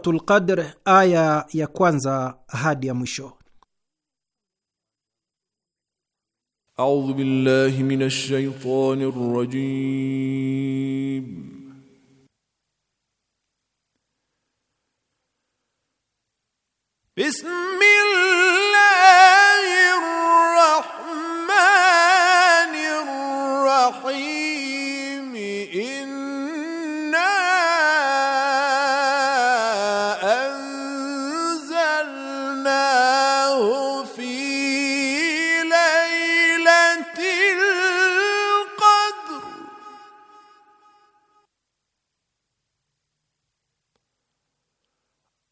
Suratul Qadr aya ya kwanza hadi ya mwisho. A'udhu billahi minash shaitanir rajim. Bismillah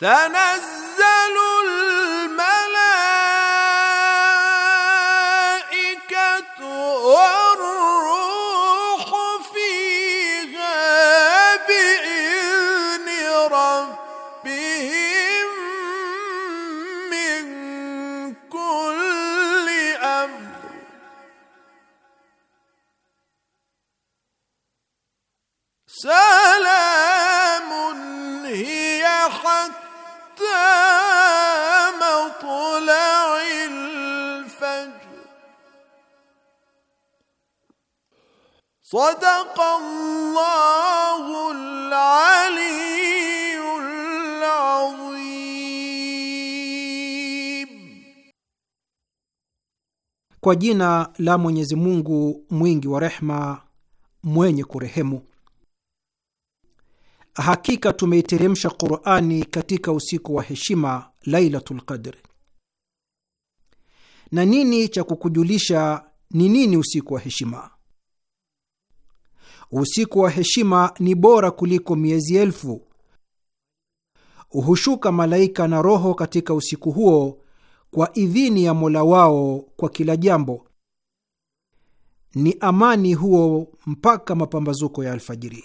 تنزل Kwa jina la Mwenyezi Mungu mwingi wa rehema, mwenye kurehemu. Hakika tumeiteremsha Qur'ani katika usiku wa heshima, Lailatul Qadr. Na nini cha kukujulisha ni nini usiku wa heshima? Usiku wa heshima ni bora kuliko miezi elfu. Hushuka malaika na roho katika usiku huo kwa idhini ya Mola wao kwa kila jambo. Ni amani huo mpaka mapambazuko ya alfajiri.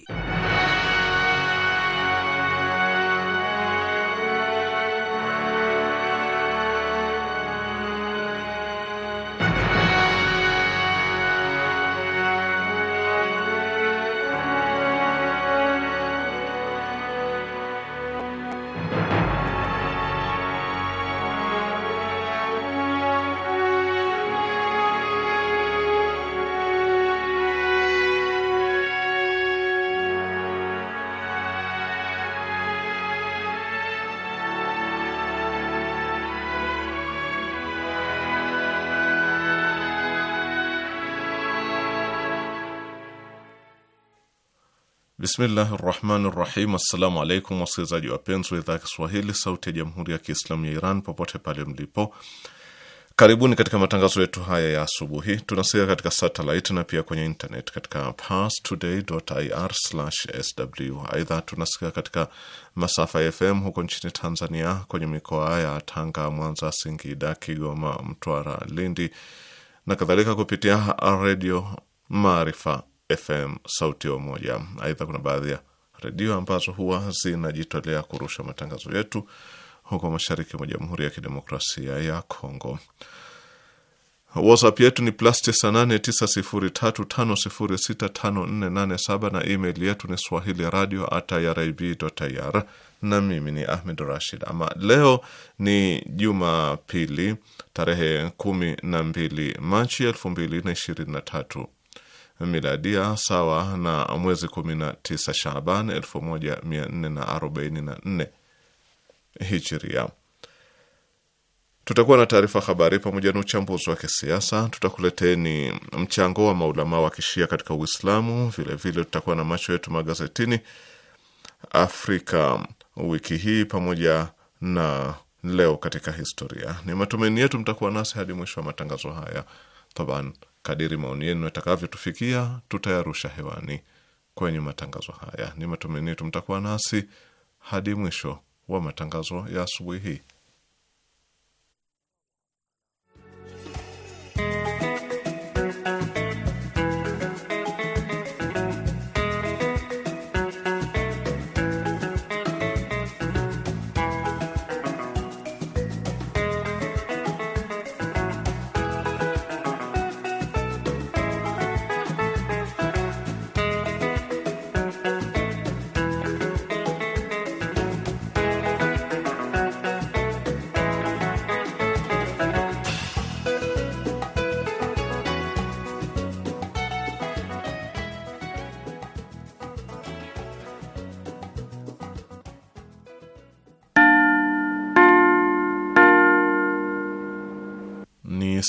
Bismillahi rahmani rahim. Assalamu alaikum wasikilizaji wapenzi wa idhaa ya Kiswahili sauti ya jamhuri ya Kiislamu ya Iran popote pale mlipo, karibuni katika matangazo yetu haya ya asubuhi. Tunasikia katika satelit na pia kwenye internet katika parstoday.ir/sw. Aidha, tunasikia katika masafa ya FM huko nchini Tanzania kwenye mikoa ya Tanga, Mwanza, Singida, Kigoma, Mtwara, Lindi na kadhalika kupitia redio Maarifa FM Sauti ya Umoja. Aidha, kuna baadhi ya redio ambazo huwa zinajitolea kurusha matangazo yetu huko mashariki mwa Jamhuri ya Kidemokrasia ya Kongo. WhatsApp yetu ni plus 989035065487 na email yetu ni swahili radio at irib.ir. Na mimi ni Ahmed Rashid. Ama leo ni Jumapili tarehe 12 Machi 223 miladia sawa na mwezi 19 Shaaban 1444 Hijria. Tutakuwa na taarifa habari pamoja na uchambuzi wa kisiasa. Tutakuleteni mchango wa maulamaa wa kishia katika Uislamu. Vilevile tutakuwa na macho yetu magazetini Afrika wiki hii pamoja na leo katika historia. Ni matumaini yetu mtakuwa nasi hadi mwisho wa matangazo haya taban. Kadiri maoni yenu yatakavyotufikia, tutayarusha hewani kwenye matangazo haya. Ni matumaini yetu mtakuwa nasi hadi mwisho wa matangazo ya asubuhi hii.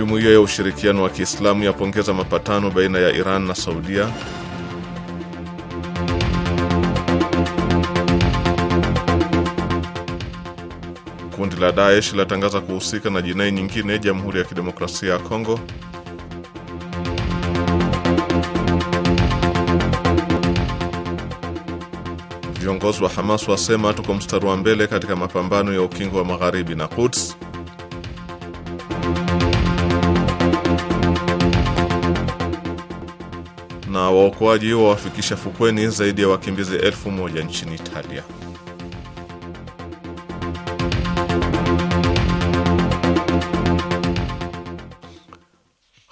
Jumuiya ya Ushirikiano wa Kiislamu yapongeza mapatano baina ya Iran na Saudia. Kundi la Daesh latangaza kuhusika na jinai nyingine Jamhuri ya Kidemokrasia ya Kongo. Viongozi wa Hamas wasema tuko mstari wa mbele katika mapambano ya ukingo wa magharibi na Quds. waokoaji wawafikisha fukweni zaidi ya wakimbizi elfu moja nchini Italia.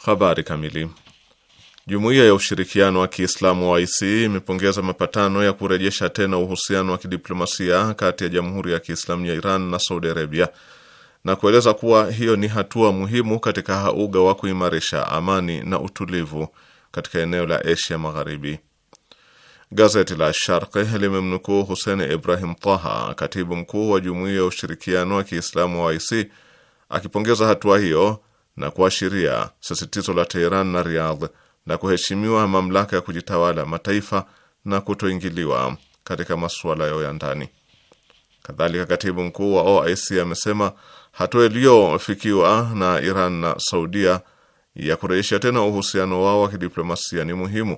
Habari kamili. Jumuiya ya ushirikiano wa Kiislamu wa OIC imepongeza mapatano ya kurejesha tena uhusiano wa kidiplomasia kati ya Jamhuri ya Kiislamu ya Iran na Saudi Arabia na kueleza kuwa hiyo ni hatua muhimu katika uga wa kuimarisha amani na utulivu katika eneo la Asia Magharibi. Gazeti la Sharqi limemnukuu Hussein Ibrahim Taha, katibu mkuu wa Jumuiya ya Ushirikiano wa Kiislamu wa OIC, akipongeza hatua hiyo na kuashiria sisitizo la Teheran na Riyadh na kuheshimiwa mamlaka ya kujitawala mataifa na kutoingiliwa katika masuala yao ya ndani. Kadhalika, katibu mkuu wa OIC amesema hatua iliyofikiwa na Iran na Saudia ya kurejesha tena uhusiano wao wa kidiplomasia ni muhimu,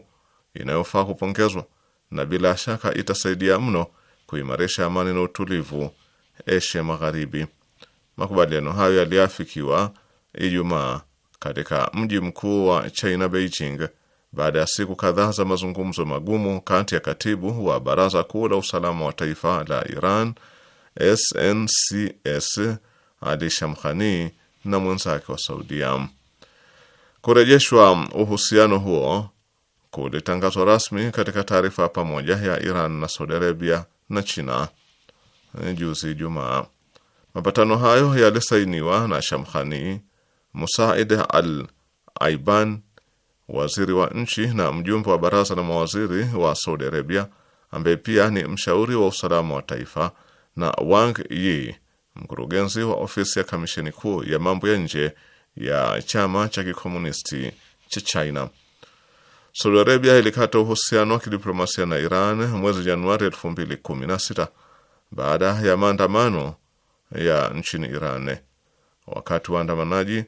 inayofaa kupongezwa na bila shaka itasaidia mno kuimarisha amani na utulivu Asia Magharibi. Makubaliano hayo yaliafikiwa Ijumaa katika mji mkuu wa China, Beijing, baada ya siku kadhaa za mazungumzo magumu kati ya katibu wa Baraza Kuu la Usalama wa Taifa la Iran SNCS Ali Shamkhani na mwenzake wa Saudia. Kurejeshwa uhusiano huo kulitangazwa rasmi katika taarifa pamoja ya Iran na Saudi Arabia na China eh, juzi Ijumaa. Mapatano hayo yalisainiwa na Shamkhani, Musaid Al Aiban, waziri wa nchi na mjumbe wa baraza la mawaziri wa Saudi Arabia, ambaye pia ni mshauri wa usalama wa taifa, na Wang Yi, mkurugenzi wa ofisi ya kamisheni kuu ya mambo ya nje ya chama cha kikomunisti cha China. Saudi Arabia ilikata uhusiano wa kidiplomasia na Iran mwezi Januari 2016 baada ya maandamano ya nchini Iran, wakati waandamanaji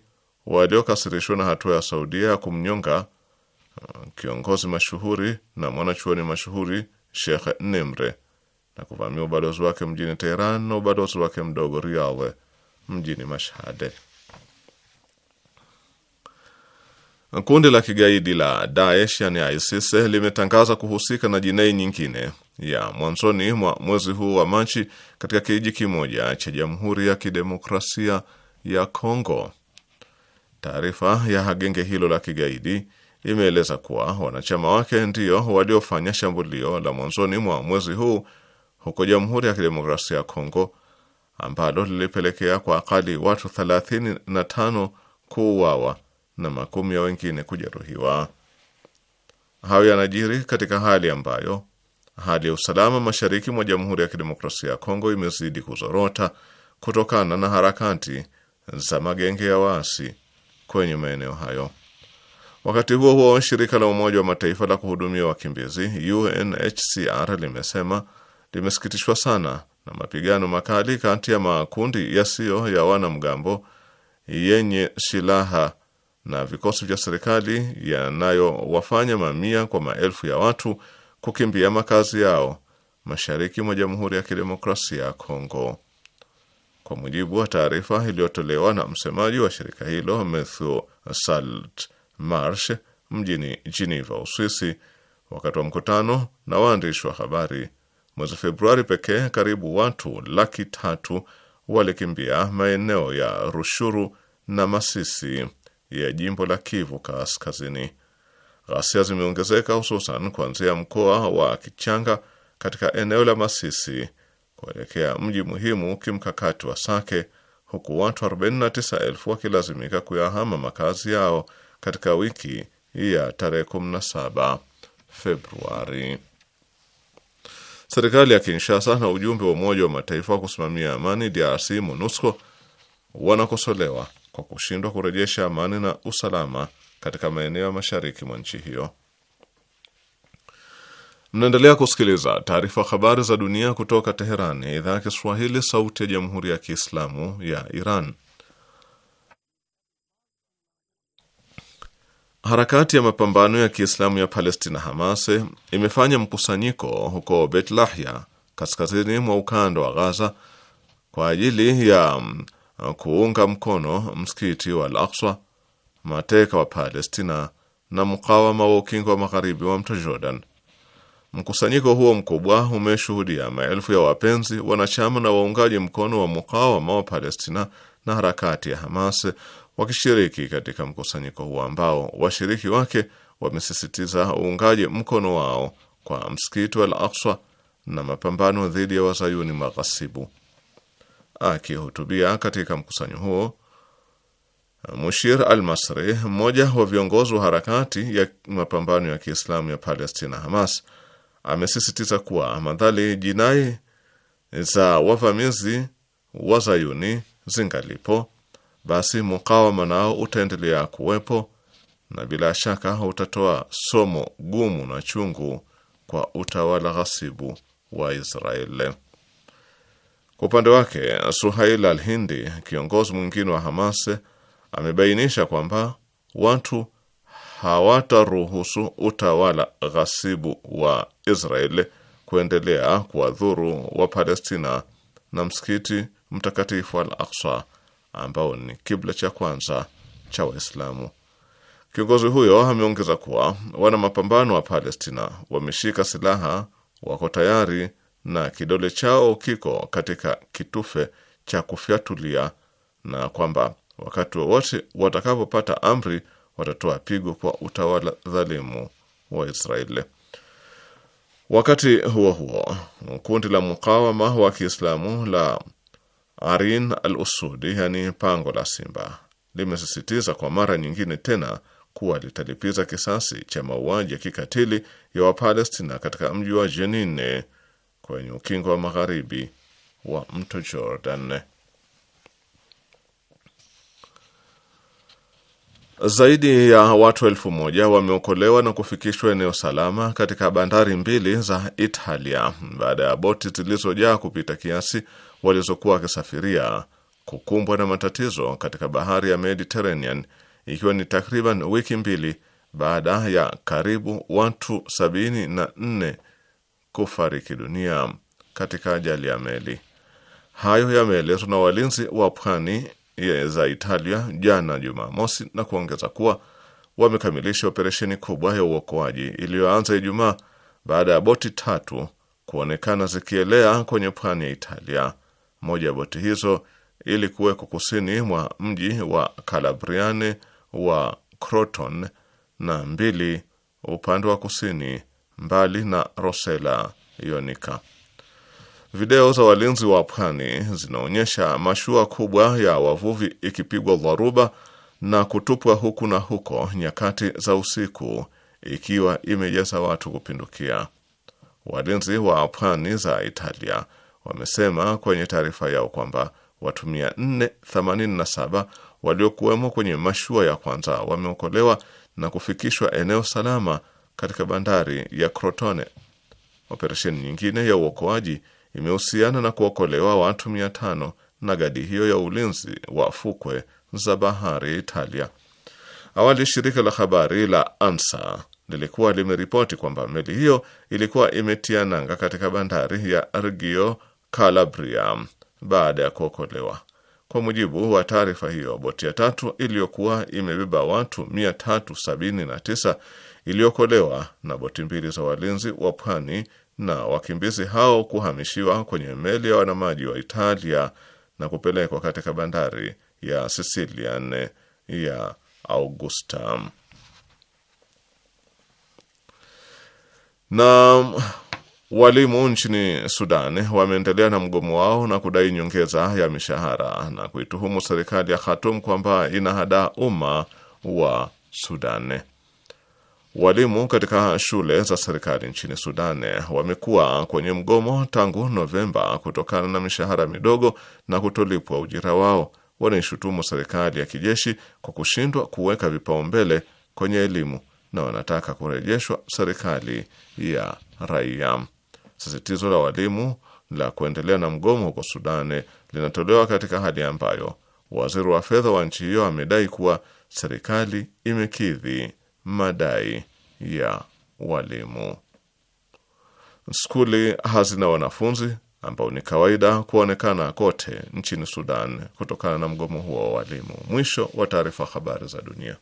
waliokasirishwa na hatua ya Saudia ya kumnyonga uh, kiongozi mashuhuri na mwanachuoni mashuhuri Sheikh Nimre na kuvamia ubalozi wake mjini Teheran na ubalozi wake mdogo Riyadh mjini Mashhad. Kundi la kigaidi la Daesh yani ISIS limetangaza kuhusika na jinai nyingine ya mwanzoni mwa mwezi huu wa Machi katika kijiji kimoja cha Jamhuri ya Kidemokrasia ya Kongo. Taarifa ya genge hilo la kigaidi imeeleza kuwa wanachama wake ndio waliofanya shambulio la mwanzoni mwa mwezi huu huko Jamhuri ya Kidemokrasia ya Kongo ambalo lilipelekea kwa akali watu 35 kuuawa na makumi ya wengine kujeruhiwa. Hayo yanajiri katika hali ambayo hali ya usalama mashariki mwa Jamhuri ya Kidemokrasia ya Kongo imezidi kuzorota kutokana na harakati za magenge ya waasi kwenye maeneo hayo. Wakati huo huo, shirika la Umoja wa Mataifa la kuhudumia wakimbizi UNHCR limesema limesikitishwa sana na mapigano makali kati ya makundi yasiyo ya wanamgambo yenye silaha na vikosi vya serikali yanayowafanya mamia kwa maelfu ya watu kukimbia makazi yao mashariki mwa Jamhuri ya Kidemokrasia ya Kongo. Kwa mujibu wa taarifa iliyotolewa na msemaji wa shirika hilo Mathieu Salt Marsh mjini Geneva, Uswisi, wakati wa mkutano na waandishi wa habari mwezi Februari pekee, karibu watu laki tatu walikimbia maeneo ya Rushuru na Masisi ya jimbo la Kivu Kaskazini. Ghasia zimeongezeka hususan kuanzia mkoa wa Kichanga katika eneo la Masisi kuelekea mji muhimu kimkakati wa Sake, huku watu 49,000 wakilazimika kuyahama makazi yao katika wiki ya tarehe 17 Februari. Serikali ya Kinshasa na ujumbe wa Umoja wa Mataifa wa kusimamia amani DRC MONUSCO wanakosolewa kwa kushindwa kurejesha amani na usalama katika maeneo ya mashariki mwa nchi hiyo. Mnaendelea kusikiliza taarifa habari za dunia kutoka Teherani, idhaa ya Kiswahili, sauti ya jamhuri ya kiislamu ya Iran. Harakati ya mapambano ya kiislamu ya Palestina, Hamas, imefanya mkusanyiko huko Betlahya, kaskazini mwa ukanda wa Ghaza kwa ajili ya Uh, kuunga mkono msikiti wa Al-Aqsa, mateka wa Palestina na mkawama wa ukingo wa magharibi wa mto Jordan. Mkusanyiko huo mkubwa umeshuhudia maelfu ya wapenzi, wanachama na waungaji mkono wa mukawama wa Palestina na harakati ya Hamas wakishiriki katika mkusanyiko huo ambao washiriki wake wamesisitiza uungaji mkono wao kwa msikiti wa Al-Aqsa na mapambano dhidi ya wazayuni maghasibu. Akihutubia katika mkusanyo huo, Mushir al Masri, mmoja wa viongozi wa harakati ya mapambano ya Kiislamu ya Palestina, Hamas, amesisitiza kuwa madhali jinai za wavamizi wa Zayuni zingalipo, basi mukawama nao utaendelea kuwepo na bila shaka utatoa somo gumu na chungu kwa utawala ghasibu wa Israeli. Kwa upande wake Suhail al-Hindi, kiongozi mwingine wa Hamas, amebainisha kwamba watu hawataruhusu utawala ghasibu wa Israel kuendelea kuwadhuru wa Palestina na msikiti mtakatifu al-Aqsa ambao ni kibla cha kwanza cha Waislamu. Kiongozi huyo ameongeza kuwa wana mapambano wa Palestina wameshika silaha, wako tayari na kidole chao kiko katika kitufe cha kufyatulia, na kwamba wakati wowote watakapopata amri watatoa pigo kwa utawala dhalimu wa Israeli. Wakati huo huo, kundi la mukawama wa Kiislamu la Arin al-Usudi, yani pango la simba, limesisitiza kwa mara nyingine tena kuwa litalipiza kisasi cha mauaji ya kikatili ya Wapalestina katika mji wa Jenine kwenye ukingo wa magharibi wa mto Jordan. Zaidi ya watu elfu moja wameokolewa na kufikishwa eneo salama katika bandari mbili za Italia baada ya boti zilizojaa kupita kiasi walizokuwa wakisafiria kukumbwa na matatizo katika bahari ya Mediterranean, ikiwa ni takriban wiki mbili baada ya karibu watu sabini na nne kufariki dunia katika ajali ya meli. Hayo yameelezwa na walinzi wa pwani za Italia jana Jumamosi, na kuongeza kuwa wamekamilisha operesheni kubwa ya uokoaji iliyoanza Ijumaa baada ya boti tatu kuonekana zikielea kwenye pwani ya Italia. Moja ya boti hizo ili kuwekwa kusini mwa mji wa Calabriane wa Croton na mbili upande wa kusini mbali na Rosela Yonika. Video za walinzi wa pwani zinaonyesha mashua kubwa ya wavuvi ikipigwa dharuba na kutupwa huku na huko nyakati za usiku ikiwa imejaza watu kupindukia. Walinzi wa pwani za Italia wamesema kwenye taarifa yao kwamba watu 487 waliokuwemo kwenye mashua ya kwanza wameokolewa na kufikishwa eneo salama katika bandari ya Crotone. Operesheni nyingine ya uokoaji imehusiana na kuokolewa watu mia tano na gadi hiyo ya ulinzi wa fukwe za bahari Italia. Awali shirika la habari la ANSA lilikuwa limeripoti kwamba meli hiyo ilikuwa imetia nanga katika bandari ya Reggio Calabria baada ya kuokolewa. Kwa mujibu wa taarifa hiyo, boti ya tatu iliyokuwa imebeba watu 379 iliyokolewa na boti mbili za walinzi wa pwani na wakimbizi hao kuhamishiwa kwenye meli ya wanamaji wa Italia na kupelekwa katika bandari ya Sicilian ya Augusta. Na walimu nchini Sudan wameendelea na mgomo wao na kudai nyongeza ya mishahara na kuituhumu serikali ya Khartoum kwamba inahadaa umma wa Sudan. Walimu katika shule za serikali nchini Sudan wamekuwa kwenye mgomo tangu Novemba kutokana na mishahara midogo na kutolipwa ujira wao. Wanaishutumu serikali ya kijeshi kwa kushindwa kuweka vipaumbele kwenye elimu na wanataka kurejeshwa serikali ya raia. Sisitizo la walimu la kuendelea na mgomo huko Sudani linatolewa katika hali ambayo waziri wa fedha wa nchi hiyo amedai kuwa serikali imekidhi madai ya walimu. Skuli hazina wanafunzi ambao ni kawaida kuonekana kote nchini Sudan kutokana na mgomo huo wa walimu. Mwisho wa taarifa. Habari za dunia.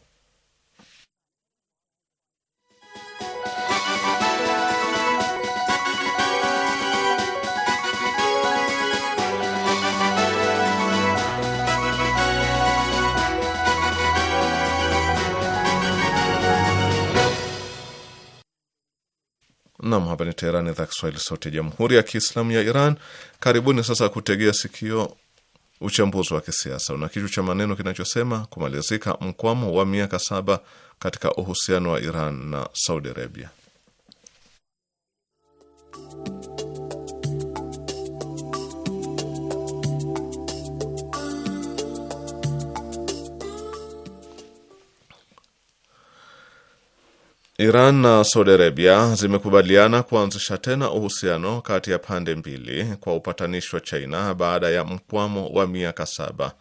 Nam, hapa ni Teherani, idhaa Kiswahili, sauti ya jamhuri ya kiislamu ya Iran. Karibuni sasa kutegea sikio uchambuzi wa kisiasa una kichwa cha maneno kinachosema kumalizika mkwamo wa miaka saba katika uhusiano wa Iran na Saudi Arabia. Iran na Saudi Arabia zimekubaliana kuanzisha tena uhusiano kati ya pande mbili kwa upatanishi wa China baada ya mkwamo wa miaka saba.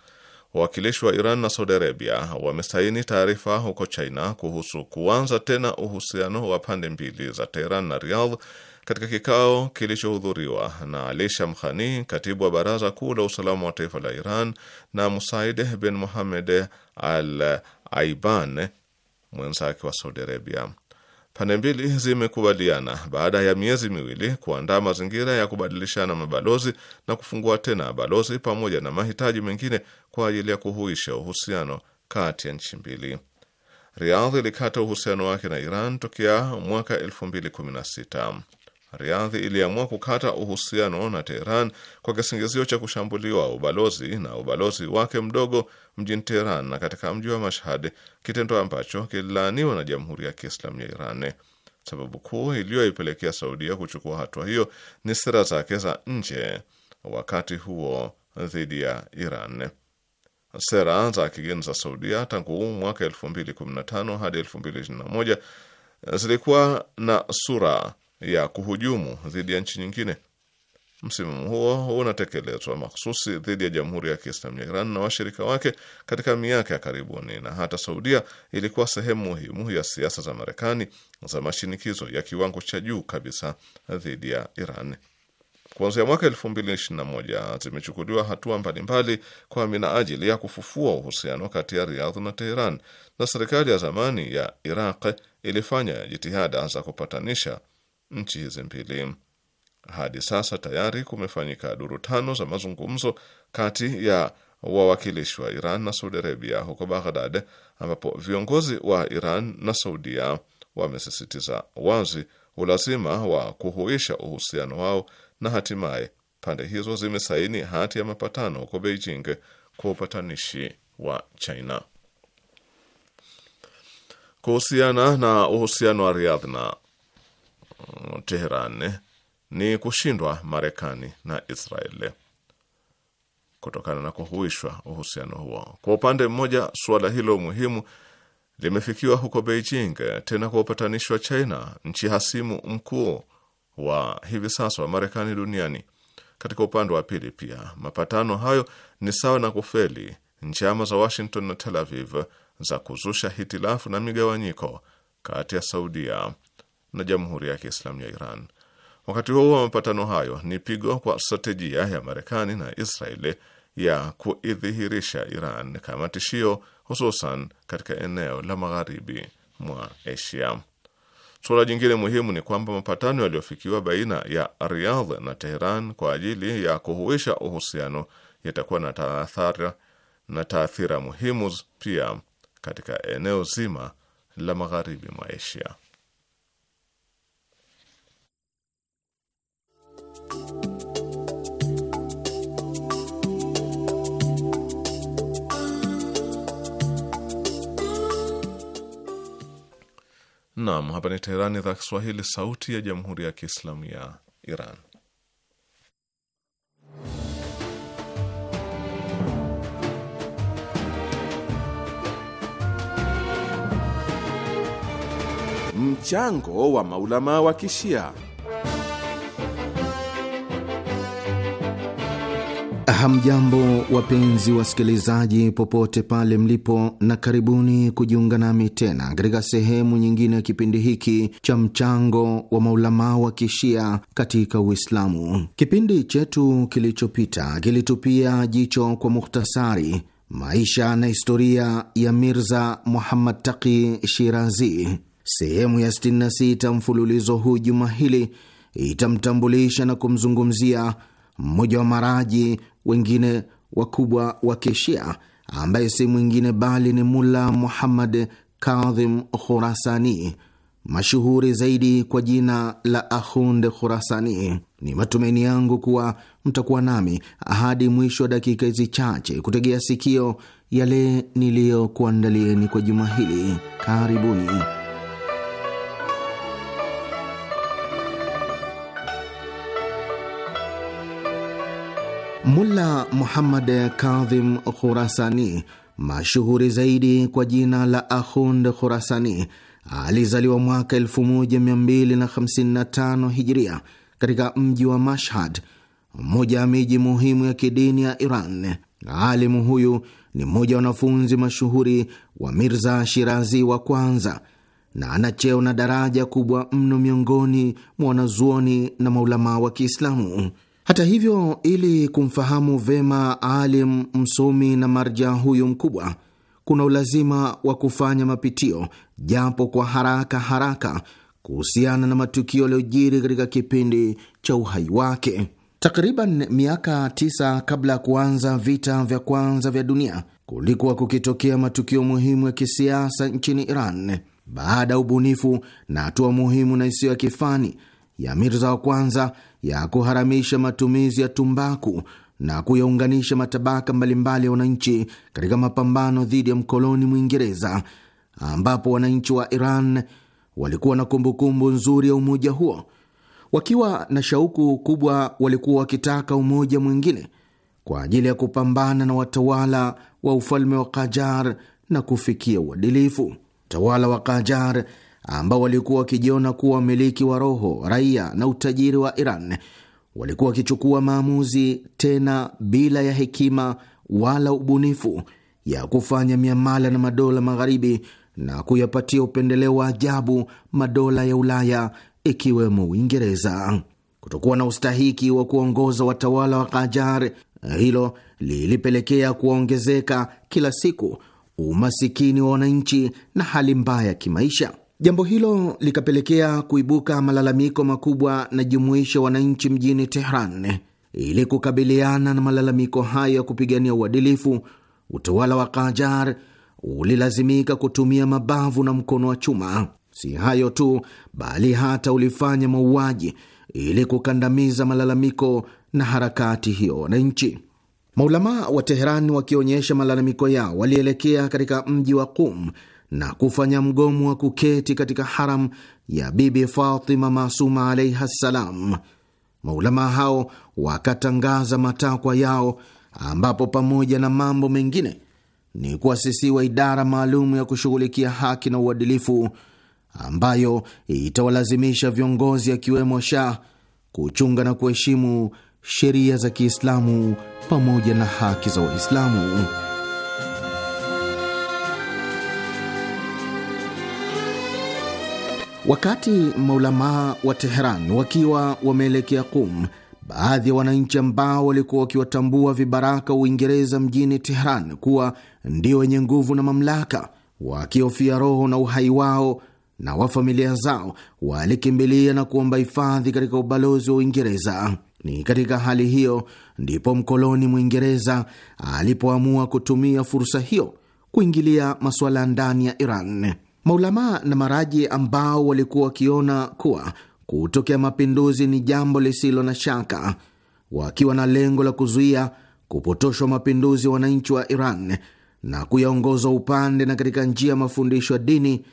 Wawakilishi wa Iran na Saudi Arabia wamesaini taarifa huko China kuhusu kuanza tena uhusiano wa pande mbili za Teheran na Riyadh katika kikao kilichohudhuriwa na Ali Shamkhani, katibu wa Baraza Kuu la Usalama wa Taifa la Iran, na Musaid bin muhammed Al Aiban, mwenzake wa Saudi Arabia. Pande mbili zimekubaliana baada ya miezi miwili kuandaa mazingira ya kubadilishana mabalozi na kufungua tena balozi pamoja na mahitaji mengine kwa ajili ya kuhuisha uhusiano kati ya nchi mbili. Riyadh ilikata uhusiano wake na Iran tokea mwaka 216 Riyadh iliamua kukata uhusiano na Teheran kwa kisingizio cha kushambuliwa ubalozi na ubalozi wake mdogo mjini Teheran na katika mji wa Mashhad, kitendo ambacho kililaaniwa na Jamhuri ya Kiislamu ya Iran. Sababu kuu iliyoipelekea Saudia kuchukua hatua hiyo ni sera zake za nje wakati huo dhidi ya Iran. Sera za kigeni za Saudia tangu mwaka 2015 hadi 2021 zilikuwa na sura ya kuhujumu dhidi ya nchi nyingine. Msimamo huo unatekelezwa makhususi dhidi ya Jamhuri ya Kiislamu ya Iran na washirika wake katika miaka ya karibuni, na hata Saudia ilikuwa sehemu muhimu ya siasa za Marekani za mashinikizo ya kiwango cha juu kabisa dhidi ya Iran. Kuanzia mwaka 2021 zimechukuliwa hatua mbalimbali kwa ajili ya kufufua uhusiano kati ya Riyadh na Teheran, na serikali ya zamani ya Iraq ilifanya jitihada za kupatanisha nchi hizi mbili. Hadi sasa tayari kumefanyika duru tano za mazungumzo kati ya wawakilishi wa Iran na Saudi Arabia huko Baghdad, ambapo viongozi wa Iran na Saudia wamesisitiza wazi ulazima wa kuhuisha uhusiano wao, na hatimaye pande hizo zimesaini hati ya mapatano huko Beijing kwa upatanishi wa China. Kuhusiana na uhusiano wa Riyadh na Teheran ni kushindwa Marekani na Israeli kutokana na kuhuishwa uhusiano huo. Kwa upande mmoja, suala hilo muhimu limefikiwa huko Beijing, tena kwa upatanishi wa China, nchi hasimu mkuu wa hivi sasa wa Marekani duniani. Katika upande wa pili, pia mapatano hayo ni sawa na kufeli njama za Washington na Tel Aviv za kuzusha hitilafu na migawanyiko kati ya Saudia na Jamhuri ya Kiislamu ya Iran. Wakati huo wa mapatano hayo ni pigo kwa stratejia ya Marekani na Israeli ya kuidhihirisha Iran kama tishio, hususan katika eneo la magharibi mwa Asia. Suala jingine muhimu ni kwamba mapatano yaliyofikiwa baina ya Riyadh na Teheran kwa ajili ya kuhuisha uhusiano yatakuwa na taathara na taathira muhimu pia katika eneo zima la magharibi mwa Asia. Nam, hapa ni Teheran, idhaa Kiswahili, sauti ya jamhuri ya kiislamu ya Iran. Mchango wa maulama wa Kishia. Hamjambo, wapenzi wasikilizaji, popote pale mlipo, na karibuni kujiunga nami tena katika sehemu nyingine ya kipindi hiki cha mchango wa maulamaa wa kishia katika Uislamu. Kipindi chetu kilichopita kilitupia jicho kwa mukhtasari maisha na historia ya Mirza Muhammad Taqi Shirazi. Sehemu ya 66 mfululizo huu juma hili itamtambulisha na kumzungumzia mmoja wa maraji wengine wakubwa wa Kishia ambaye si mwingine bali ni Mula Muhammad Kadhim Khurasani, mashuhuri zaidi kwa jina la Ahund Khurasani. Ni matumaini yangu kuwa mtakuwa nami hadi mwisho wa dakika hizi chache kutegea sikio yale niliyokuandalieni kwa juma hili. Karibuni. Mulla Muhammad Kadhim Khurasani, mashuhuri zaidi kwa jina la Ahund Khurasani, alizaliwa mwaka 1255 Hijria katika mji wa Mashhad, mmoja ya miji muhimu ya kidini ya Iran. Alimu huyu ni mmoja wa wanafunzi mashuhuri wa Mirza Shirazi wa kwanza na ana cheo na daraja kubwa mno miongoni mwa wanazuoni na maulamaa wa Kiislamu. Hata hivyo, ili kumfahamu vema alim msomi na marja huyu mkubwa, kuna ulazima wa kufanya mapitio japo kwa haraka haraka kuhusiana na matukio yaliyojiri katika kipindi cha uhai wake. Takriban miaka tisa kabla ya kuanza vita vya kwanza vya dunia kulikuwa kukitokea matukio muhimu ya kisiasa nchini Iran. Baada ya ubunifu na hatua muhimu na isiyo ya kifani ya Mirza wa kwanza ya kuharamisha matumizi ya tumbaku na kuyaunganisha matabaka mbalimbali ya wananchi katika mapambano dhidi ya mkoloni Mwingereza, ambapo wananchi wa Iran walikuwa na kumbukumbu nzuri ya umoja huo. Wakiwa na shauku kubwa, walikuwa wakitaka umoja mwingine kwa ajili ya kupambana na watawala wa ufalme wa Kajar na kufikia uadilifu. Utawala wa Kajar ambao walikuwa wakijiona kuwa wamiliki wa roho, raia na utajiri wa Iran walikuwa wakichukua maamuzi, tena bila ya hekima wala ubunifu, ya kufanya miamala na madola magharibi na kuyapatia upendeleo wa ajabu madola ya Ulaya ikiwemo Uingereza. Kutokuwa na ustahiki wa kuongoza watawala wa Kajar, hilo lilipelekea kuongezeka kila siku umasikini wa wananchi na hali mbaya ya kimaisha. Jambo hilo likapelekea kuibuka malalamiko makubwa na jumuisha wananchi mjini Tehran. Ili kukabiliana na malalamiko hayo ya kupigania uadilifu, utawala wa Kajar ulilazimika kutumia mabavu na mkono wa chuma. Si hayo tu, bali hata ulifanya mauaji ili kukandamiza malalamiko na harakati hiyo wananchi. Maulamaa wa Teherani wakionyesha malalamiko yao walielekea katika mji wa Qum na kufanya mgomo wa kuketi katika haram ya Bibi Fatima Masuma alaiha ssalam. Maulamaa hao wakatangaza matakwa yao, ambapo pamoja na mambo mengine ni kuasisiwa idara maalum ya kushughulikia haki na uadilifu ambayo itawalazimisha viongozi akiwemo Shah kuchunga na kuheshimu sheria za Kiislamu pamoja na haki za Waislamu. Wakati maulamaa wa Teheran wakiwa wameelekea Qum, baadhi ya wananchi ambao walikuwa wakiwatambua vibaraka wa Uingereza mjini Teheran kuwa ndio wenye nguvu na mamlaka, wakihofia roho na uhai wao na wa familia zao, walikimbilia na kuomba hifadhi katika ubalozi wa Uingereza. Ni katika hali hiyo ndipo mkoloni Mwingereza alipoamua kutumia fursa hiyo kuingilia masuala ndani ya Iran. Maulamaa na maraji ambao walikuwa wakiona kuwa kutokea mapinduzi ni jambo lisilo na shaka, wakiwa na lengo la kuzuia kupotoshwa mapinduzi ya wananchi wa Iran na kuyaongoza upande na katika njia ya mafundisho ya dini,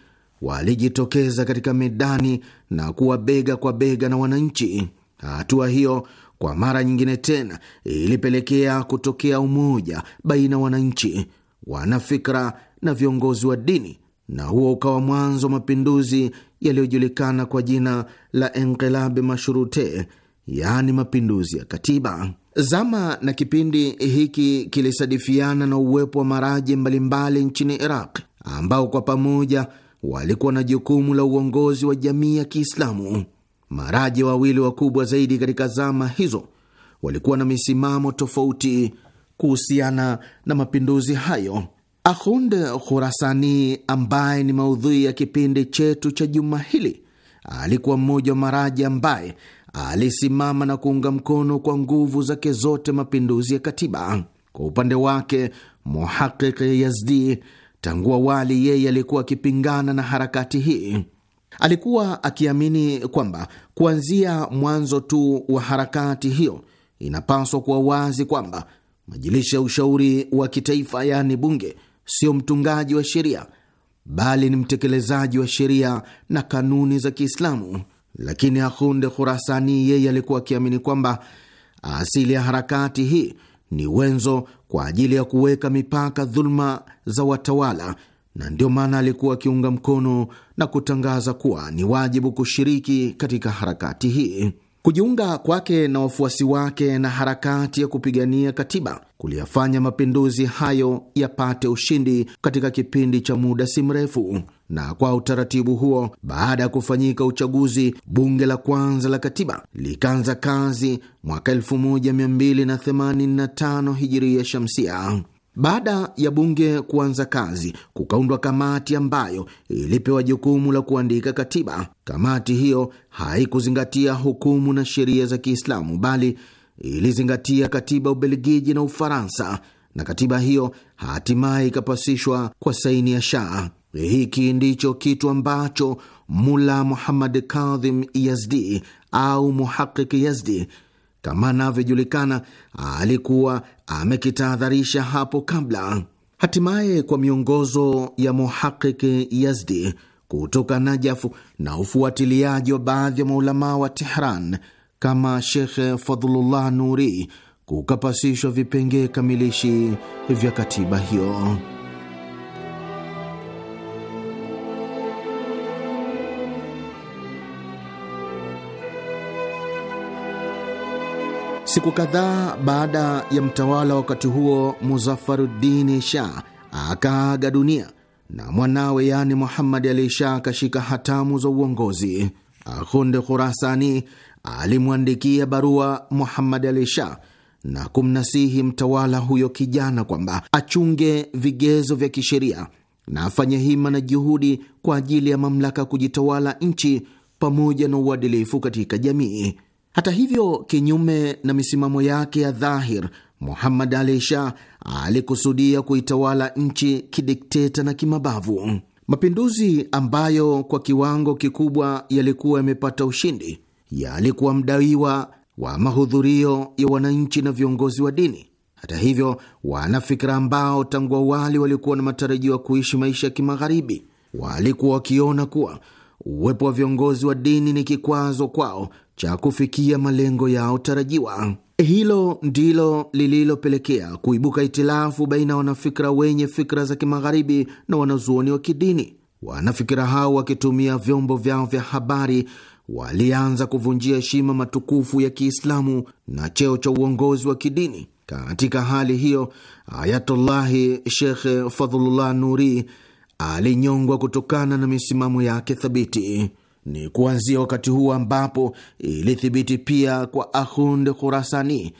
walijitokeza katika medani na kuwa bega kwa bega na wananchi. Hatua hiyo kwa mara nyingine tena ilipelekea kutokea umoja baina ya wananchi, wanafikra na viongozi wa dini na huo ukawa mwanzo wa mapinduzi yaliyojulikana kwa jina la Enqelabe Mashurute, yaani mapinduzi ya katiba. Zama na kipindi hiki kilisadifiana na uwepo wa maraji mbalimbali nchini Iraq ambao kwa pamoja walikuwa na jukumu la uongozi wa jamii ya Kiislamu. Maraji wawili wakubwa zaidi katika zama hizo walikuwa na misimamo tofauti kuhusiana na mapinduzi hayo ahund Khurasani, ambaye ni maudhui ya kipindi chetu cha juma hili, alikuwa mmoja wa maraji ambaye alisimama na kuunga mkono kwa nguvu zake zote mapinduzi ya katiba. Kwa upande wake, Muhaqiq Yazdi tangu awali yeye alikuwa akipingana na harakati hii. Alikuwa akiamini kwamba kuanzia mwanzo tu wa harakati hiyo inapaswa kuwa wazi kwamba majilisi ya ushauri wa kitaifa, yaani bunge sio mtungaji wa sheria, bali ni mtekelezaji wa sheria na kanuni za Kiislamu. Lakini Akhunde Khurasani yeye alikuwa akiamini kwamba asili ya harakati hii ni wenzo kwa ajili ya kuweka mipaka dhuluma za watawala, na ndio maana alikuwa akiunga mkono na kutangaza kuwa ni wajibu kushiriki katika harakati hii. Kujiunga kwake na wafuasi wake na harakati ya kupigania katiba kuliyafanya mapinduzi hayo yapate ushindi katika kipindi cha muda si mrefu. Na kwa utaratibu huo, baada ya kufanyika uchaguzi, bunge la kwanza la katiba likaanza kazi mwaka 1285 hijiria shamsia. Baada ya bunge kuanza kazi, kukaundwa kamati ambayo ilipewa jukumu la kuandika katiba. Kamati hiyo haikuzingatia hukumu na sheria za Kiislamu, bali ilizingatia katiba Ubelgiji na Ufaransa, na katiba hiyo hatimaye ikapasishwa kwa saini ya shaa Hiki ndicho kitu ambacho Mula Muhammad Kadhim Yazdi au Muhaqiq Yazdi kama anavyojulikana, alikuwa amekitahadharisha hapo kabla. Hatimaye, kwa miongozo ya Muhakiki Yazdi kutoka Najafu na ufuatiliaji wa baadhi ya maulamaa wa Tehran kama Shekhe Fadhlullah Nuri, kukapasishwa vipengee kamilishi vya katiba hiyo. Siku kadhaa baada ya mtawala wakati huo muzafarudini Shah akaaga dunia na mwanawe yaani muhamadi Ali Shah akashika hatamu za uongozi, Akhunde Khurasani alimwandikia barua Muhammad Ali Shah na kumnasihi mtawala huyo kijana kwamba achunge vigezo vya kisheria na afanye hima na juhudi kwa ajili ya mamlaka kujitawala nchi pamoja na uadilifu katika jamii. Hata hivyo, kinyume na misimamo yake ya dhahir, Muhammad Ali Shah alikusudia kuitawala nchi kidikteta na kimabavu, mapinduzi ambayo kwa kiwango kikubwa yalikuwa yamepata ushindi. Yalikuwa mdawiwa wa mahudhurio ya wananchi na viongozi wa dini. Hata hivyo, wanafikira ambao tangu awali walikuwa na matarajio ya kuishi maisha ya kimagharibi walikuwa wakiona kuwa uwepo wa viongozi wa dini ni kikwazo kwao cha kufikia malengo yao tarajiwa. Hilo ndilo lililopelekea kuibuka itilafu baina ya wanafikira wenye fikra za kimagharibi na wanazuoni wa kidini. Wanafikira hao wakitumia vyombo vyao vya habari walianza kuvunjia heshima matukufu ya Kiislamu na cheo cha uongozi wa kidini. Katika hali hiyo, Ayatullahi Shekh Fadhlullah Nuri alinyongwa kutokana na misimamo yake thabiti. Ni kuanzia wakati huu ambapo ilithibiti pia kwa Ahund Khurasani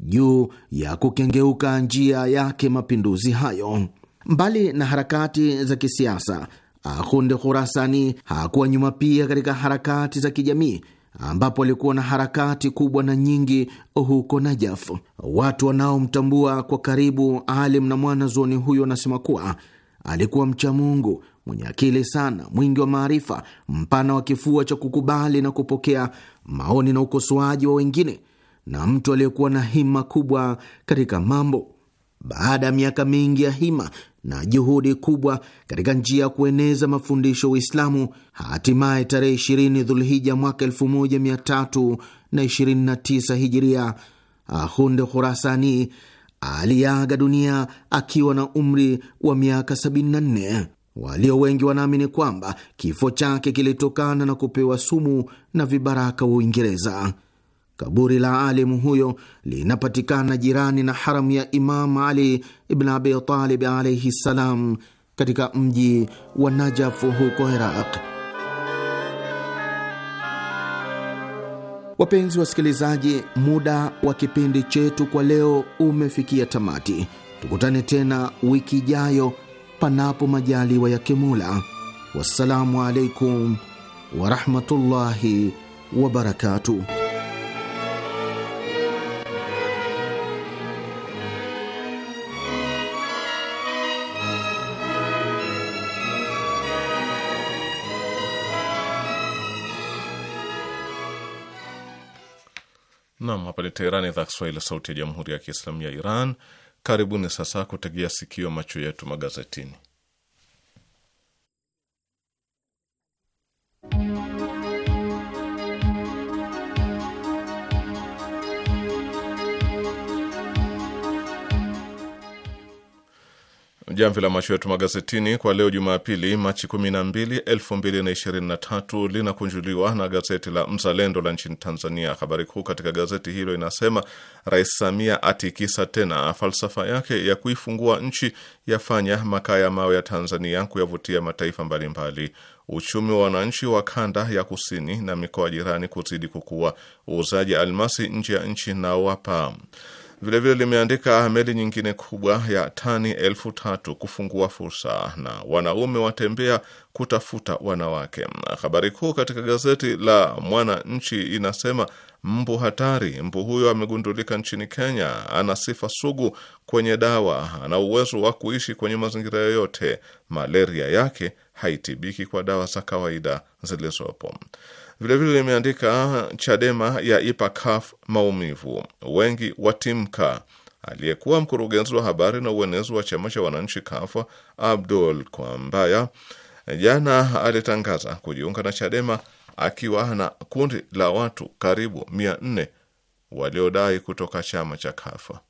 juu ya kukengeuka njia yake mapinduzi hayo. Mbali na harakati za kisiasa, Ahund Khurasani hakuwa nyuma pia katika harakati za kijamii ambapo alikuwa na harakati kubwa na nyingi huko Najaf. Watu wanaomtambua kwa karibu alim na mwana zuoni huyo wanasema kuwa alikuwa mcha Mungu mwenye akili sana, mwingi wa maarifa, mpana wa kifua cha kukubali na kupokea maoni na ukosoaji wa wengine, na mtu aliyekuwa na hima kubwa katika mambo. Baada ya miaka mingi ya hima na juhudi kubwa katika njia ya kueneza mafundisho ya Uislamu, hatimaye tarehe 20 Dhulhija mwaka 1329 Hijiria, Ahunde Khurasani aliaga dunia akiwa na umri wa miaka 74. Walio wengi wanaamini kwamba kifo chake kilitokana na kupewa sumu na vibaraka wa Uingereza. Kaburi la alimu huyo linapatikana jirani na haramu ya Imam Ali ibn Abi Talib alaihi ssalam katika mji wa Najafu huko Iraq. Wapenzi wasikilizaji, muda wa kipindi chetu kwa leo umefikia tamati. Tukutane tena wiki ijayo panapo majaliwa yake Mola. Wassalamu alaikum warahmatullahi wabarakatuh. Nam, hapa ni Teherani, idhaa Kiswahili, sauti ya jamhuri ya kiislamu ya Iran. Karibuni sasa kutegea sikio macho yetu magazetini. Jamvi la macho yetu magazetini kwa leo Jumapili, Machi 12, 2023 linakunjuliwa na gazeti la Mzalendo la nchini Tanzania. Habari kuu katika gazeti hilo inasema Rais Samia atikisa tena falsafa yake ya kuifungua nchi, yafanya makaa ya mawe ya Tanzania kuyavutia mataifa mbalimbali. Uchumi wa wananchi wa kanda ya kusini na mikoa jirani kuzidi kukua. Uuzaji almasi nje ya nchi na wapa Vilevile limeandika meli nyingine kubwa ya tani elfu tatu kufungua fursa na wanaume watembea kutafuta wanawake. Habari kuu katika gazeti la Mwananchi inasema mbu hatari. Mbu huyo amegundulika nchini Kenya, ana sifa sugu kwenye dawa, ana uwezo wa kuishi kwenye mazingira yoyote. Malaria yake haitibiki kwa dawa za kawaida zilizopo. Vilevile limeandika Chadema ya ipa CUF maumivu, wengi watimka. Aliyekuwa mkurugenzi wa habari na uenezi wa chama cha wananchi kaf Abdul Kwambaya jana alitangaza kujiunga na Chadema akiwa na kundi la watu karibu mia nne waliodai kutoka chama cha kafa.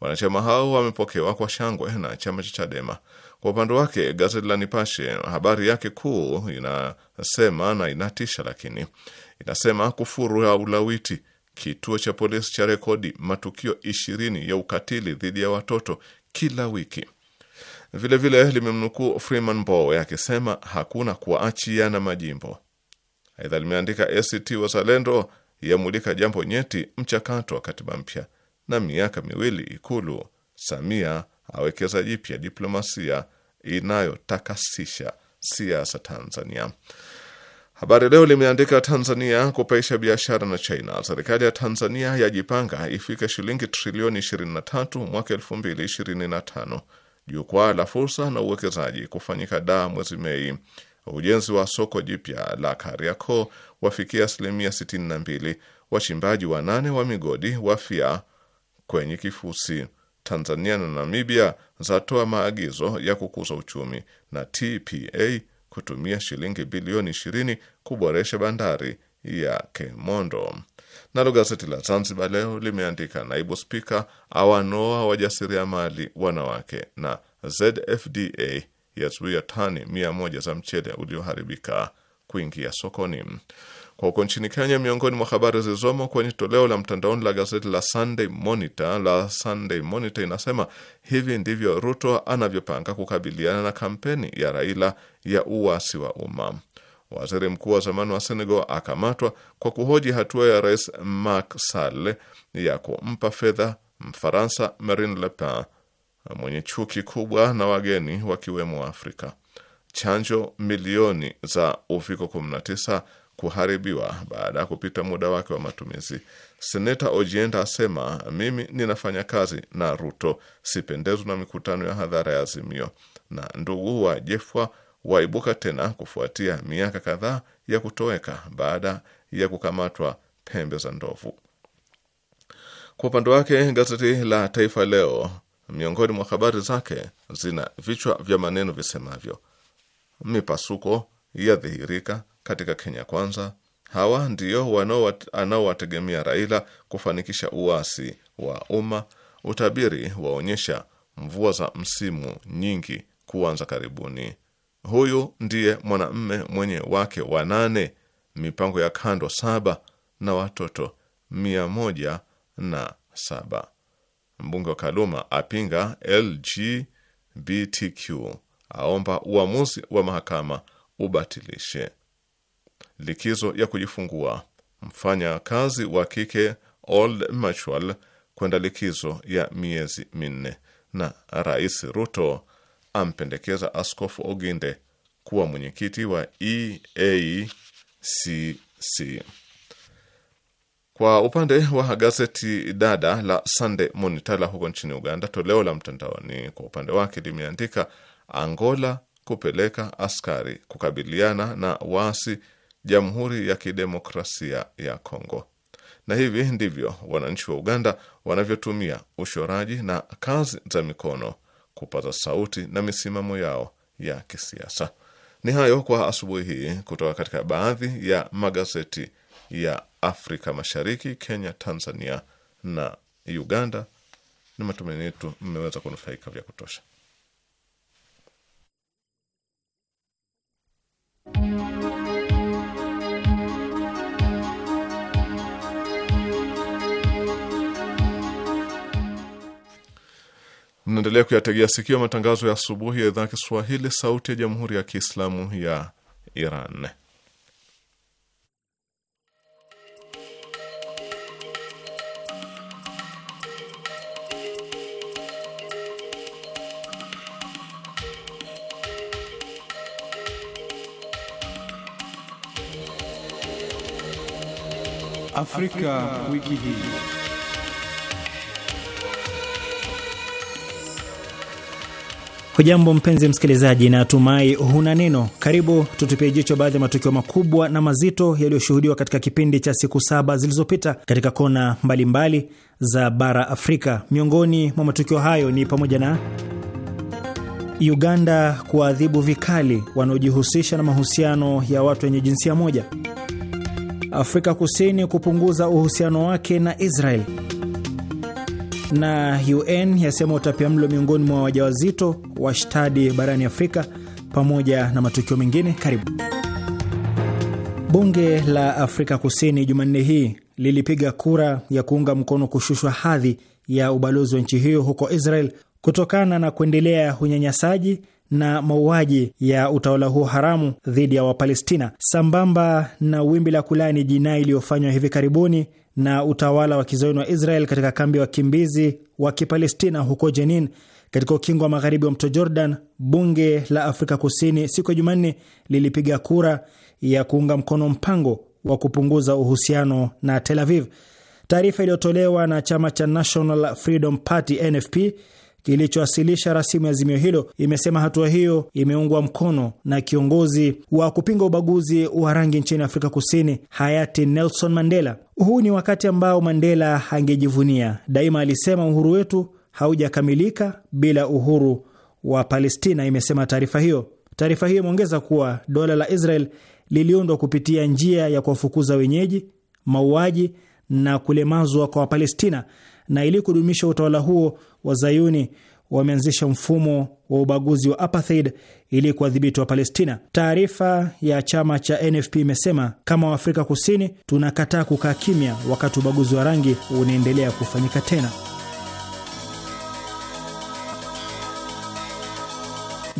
Wanachama hao wamepokewa kwa shangwe na chama cha Chadema. Kwa upande wake gazeti la Nipashe habari yake kuu inasema na inatisha, lakini inasema kufuru ya ulawiti, kituo cha polisi cha rekodi matukio ishirini ya ukatili dhidi ya watoto kila wiki. Vilevile limemnukuu Freeman Mbowe akisema hakuna kuachiana majimbo. Aidha limeandika ACT Wazalendo yamulika jambo nyeti, mchakato wa katiba mpya, na miaka miwili Ikulu, Samia awekeza jipya diplomasia inayotakasisha siasa Tanzania. Habari Leo limeandika Tanzania kupaisha biashara na China. Serikali ya Tanzania yajipanga ifike shilingi trilioni 23 mwaka 2025. Jukwaa la fursa na uwekezaji kufanyika Daa mwezi Mei. Ujenzi wa soko jipya la Kariakoo wafikia asilimia 62. Wachimbaji wanane wa migodi wafia kwenye kifusi. Tanzania na Namibia zatoa maagizo ya kukuza uchumi na TPA kutumia shilingi bilioni 20 kuboresha bandari ya Kemondo. Nalo gazeti la Zanzibar Leo limeandika naibu spika awanoa wajasiriamali wanawake na ZFDA yazuia tani mia moja za mchele ulioharibika kuingia sokoni. Kwa huko nchini Kenya, miongoni mwa habari zilizomo kwenye toleo la mtandaoni la gazeti la Sunday Monitor la Sunday Monitor inasema hivi ndivyo Ruto anavyopanga kukabiliana na kampeni ya Raila ya uasi wa umma. Waziri mkuu wa zamani wa Senegal akamatwa kwa kuhoji hatua ya rais Macky Sall ya kumpa fedha Mfaransa Marine Le Pen mwenye chuki kubwa na wageni wakiwemo afrika Chanjo milioni za uviko 19 kuharibiwa baada ya kupita muda wake wa matumizi. Seneta Ojienda asema, mimi ninafanya kazi na Ruto, sipendezwa na mikutano ya hadhara ya Azimio. Na ndugu wa Jefwa waibuka tena kufuatia miaka kadhaa ya kutoweka baada ya kukamatwa pembe za ndovu. Kwa upande wake gazeti la Taifa Leo, miongoni mwa habari zake zina vichwa vya maneno visemavyo: mipasuko yadhihirika katika Kenya Kwanza. Hawa ndio anaowategemea Raila kufanikisha uasi wa umma. Utabiri waonyesha mvua za msimu nyingi kuanza karibuni. Huyu ndiye mwanamme mwenye wake wanane, mipango ya kando saba na watoto mia moja na saba. Mbunge wa Kaluma apinga LGBTQ, aomba uamuzi wa mahakama ubatilishe likizo ya kujifungua, mfanya kazi wa kike Old Mutual kwenda likizo ya miezi minne, na Rais Ruto ampendekeza Askofu Oginde kuwa mwenyekiti wa EACC. Kwa upande wa gazeti dada la Sunday Monitor la huko nchini Uganda, toleo la mtandaoni kwa upande wake limeandika Angola kupeleka askari kukabiliana na waasi Jamhuri ya Kidemokrasia ya Kongo. Na hivi ndivyo wananchi wa Uganda wanavyotumia ushoraji na kazi za mikono kupata sauti na misimamo yao ya kisiasa. Ni hayo kwa asubuhi hii kutoka katika baadhi ya magazeti ya Afrika Mashariki, Kenya, Tanzania na Uganda. Ni matumaini yetu mmeweza kunufaika vya kutosha. Mnaendelea kuyategea sikio matangazo ya asubuhi ya idhaa Kiswahili sauti ya jamhuri ya Kiislamu ya Iran. Afrika, Afrika wiki hii. Hujambo mpenzi msikilizaji, na tumai huna neno. Karibu tutupie jicho baadhi ya matukio makubwa na mazito yaliyoshuhudiwa katika kipindi cha siku saba zilizopita katika kona mbalimbali mbali za bara Afrika. Miongoni mwa matukio hayo ni pamoja na Uganda kuwaadhibu vikali wanaojihusisha na mahusiano ya watu wenye jinsia moja, Afrika Kusini kupunguza uhusiano wake na Israel na UN yasema utapiamlo miongoni mwa wajawazito washtadi barani Afrika, pamoja na matukio mengine. Karibu. Bunge la Afrika Kusini Jumanne hii lilipiga kura ya kuunga mkono kushushwa hadhi ya ubalozi wa nchi hiyo huko Israel kutokana na kuendelea unyanyasaji na mauaji ya utawala huo haramu dhidi ya Wapalestina sambamba na wimbi la kulani jinai iliyofanywa hivi karibuni na utawala wa kizayuni wa Israel katika kambi ya wa wakimbizi wa Kipalestina huko Jenin katika ukingo wa magharibi wa mto Jordan, bunge la Afrika Kusini siku ya Jumanne lilipiga kura ya kuunga mkono mpango wa kupunguza uhusiano na Tel Aviv. Taarifa iliyotolewa na chama cha National Freedom Party NFP kilichowasilisha rasimu ya azimio hilo imesema hatua hiyo imeungwa mkono na kiongozi wa kupinga ubaguzi wa rangi nchini Afrika Kusini, hayati Nelson Mandela. Huu ni wakati ambao Mandela angejivunia daima. Alisema uhuru wetu haujakamilika bila uhuru wa Palestina, imesema taarifa hiyo. Taarifa hiyo imeongeza kuwa dola la Israel liliundwa kupitia njia ya kuwafukuza wenyeji, mauaji na kulemazwa kwa Wapalestina, na ili kudumisha utawala huo wazayuni wameanzisha mfumo wa ubaguzi wa apartheid ili kuwadhibiti wa Palestina. Taarifa ya chama cha NFP imesema kama Waafrika Kusini tunakataa kukaa kimya wakati ubaguzi wa rangi unaendelea kufanyika tena.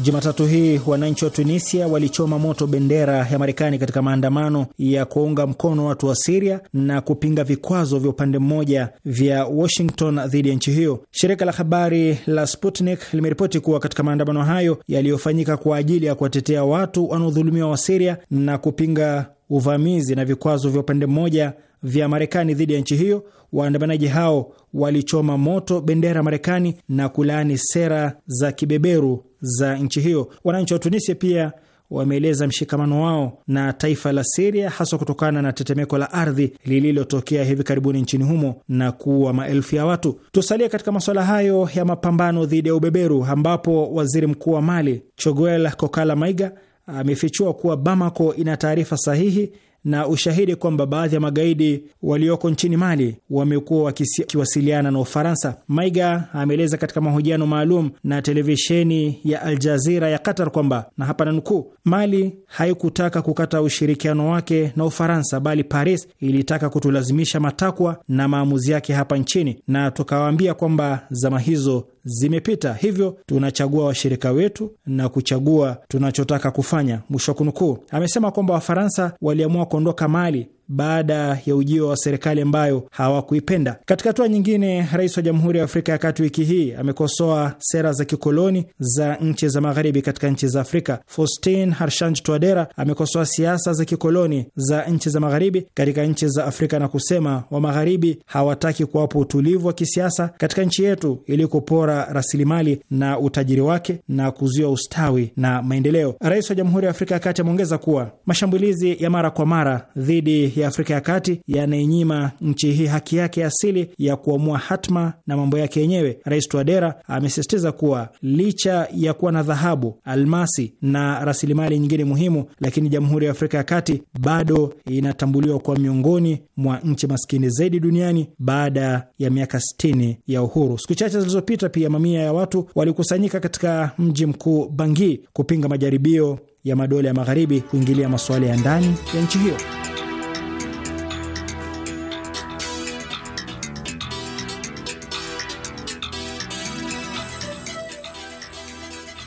Jumatatu hii wananchi wa Tunisia walichoma moto bendera ya Marekani katika maandamano ya kuwaunga mkono watu wa Siria na kupinga vikwazo vya upande mmoja vya Washington dhidi ya nchi hiyo. Shirika la habari la Sputnik limeripoti kuwa katika maandamano hayo yaliyofanyika kwa ajili ya kuwatetea watu wanaodhulumiwa wa Siria na kupinga uvamizi na vikwazo vya upande mmoja vya Marekani dhidi ya nchi hiyo, waandamanaji hao walichoma moto bendera ya Marekani na kulaani sera za kibeberu za nchi hiyo. Wananchi wa Tunisia pia wameeleza mshikamano wao na taifa la Siria haswa kutokana na tetemeko la ardhi lililotokea hivi karibuni nchini humo na kuua maelfu ya watu. Tusalia katika masuala hayo ya mapambano dhidi ya ubeberu, ambapo waziri mkuu wa Mali Choguel Kokala Maiga amefichua kuwa Bamako ina taarifa sahihi na ushahidi kwamba baadhi ya magaidi walioko nchini Mali wamekuwa wakiwasiliana na Ufaransa. Maiga ameeleza katika mahojiano maalum na televisheni ya Al ya Qatar kwamba na hapa nanukuu, Mali haikutaka kukata ushirikiano wake na Ufaransa, bali Paris ilitaka kutulazimisha matakwa na maamuzi yake hapa nchini, na tukawaambia kwamba zama hizo zimepita, hivyo tunachagua washirika wetu na kuchagua tunachotaka kufanya, mwisho wa kunukuu. Amesema kwamba Wafaransa waliamua kuondoka Mali baada ya ujio wa serikali ambayo hawakuipenda. Katika hatua nyingine, rais wa Jamhuri ya Afrika ya Kati wiki hii amekosoa sera za kikoloni za nchi za magharibi katika nchi za Afrika. Faustin Harshanj Twadera amekosoa siasa za kikoloni za nchi za magharibi katika nchi za Afrika na kusema wa magharibi hawataki kuwapo utulivu wa kisiasa katika nchi yetu ili kupora rasilimali na utajiri wake na kuzuia ustawi na maendeleo. Rais wa Jamhuri ya Afrika ya Kati ameongeza kuwa mashambulizi ya mara kwa mara dhidi ya Afrika ya Kati yanainyima nchi hii haki yake asili ya kuamua hatma na mambo yake yenyewe. Rais Twadera amesisitiza kuwa licha ya kuwa na dhahabu, almasi na rasilimali nyingine muhimu, lakini Jamhuri ya Afrika ya Kati bado inatambuliwa kwa miongoni mwa nchi maskini zaidi duniani baada ya miaka 60 ya uhuru. Siku chache zilizopita, pia mamia ya watu walikusanyika katika mji mkuu Bangui kupinga majaribio ya madola ya magharibi kuingilia masuala ya ndani ya nchi hiyo.